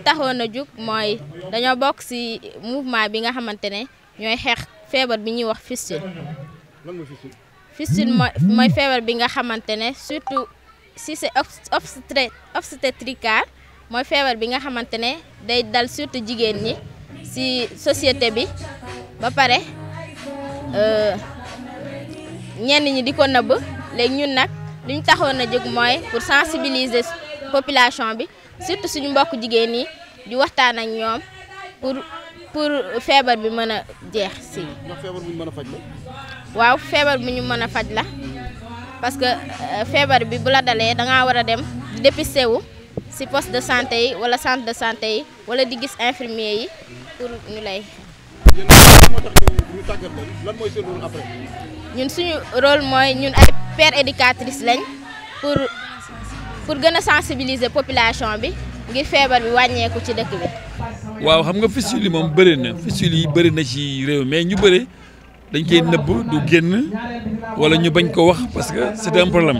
taxoon na jóg mooy dañoo bokk ci mouvement bi nga xamante ne ñooy xeex feebar bi ñuy wax fistule. fistule mooy feebar bi nga xamante ne surtout si c'est obstétrical mooy feebar bi nga xamante ne day dal surtout jigéen ñi ci société bi ba pare euh, ñenn ñi di ko nëbb léegi ñun nag li ñu taxoon a jóg mooy pour sensibiliser population bi. surtout suñu mbokk jigéen yi di waxtaan ak ñoom pour pour feebar bi mën a jeex si feebar bu ñu mën a faj la waaw feebar bu ñu mën a faj la parce que euh, feebar bi bu la dalee da ngaa war a dem dépisté wu si poste de santé yi wala centre de santé yi wala di gis infirmier yi pour ñu lay ñun suñu rôle mooy ñun ay père éducatrice lañ pour pour gën a sensibiliser population bi ngir feebar bi wàññeeku ci dëkk bi. waaw xam nga fistule yi moom bëri na fistule yi bëri na ci réew mais ñu bëri dañ koy nëbb du génn wala ñu bañ ko wax parce que c'est un problème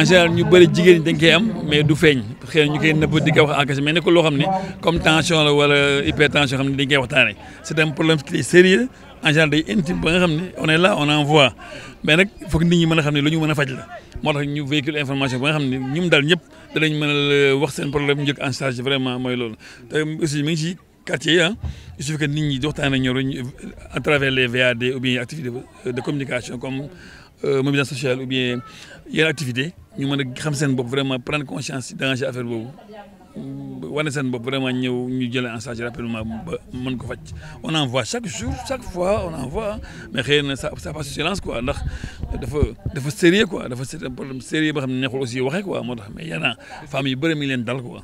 en général ñu bëri jigéen ñi dañ koy am mais du feeñ xëy na ñu koy nëbb di ko wax en cachette mais nekkul loo xam ne comme tension la wala hypertension xam ne dañ koy waxtaanee c'est un problème qui sérieux en général day intime ba nga xamné on est là on envoie mais nak foog nit ñi mëna xamné xam ne lu ñu mën a faj la motax ñu véhicule information ba nga xamné ñum dal ñëpp danañ mëna euh, wax seen problème njëkk en charge vraiment moy lool te aussi mi ngi ci quartier hein il suffit que nit ñi waxtaan ak à travers les VAD ou bien activité euh, de communication comme euh, mobilisation sociale ou bien yenn activité ñu mëna xam seen bop vraiment prendre conscience si danger affaire bobu wane seen bopp vraiment ñëw ñu jëlee en charge rapidement ba mën ko faj on envoie chaque jour chaque fois on envoie mais rien, ça ça passe silence quoi ndax dafa dafa sérieux quoi dafa c'est un problème sérieux boo xam ne neexul aussi waxee quoi moo tax mais y a na femmes yu bëri mi leen dal quoi.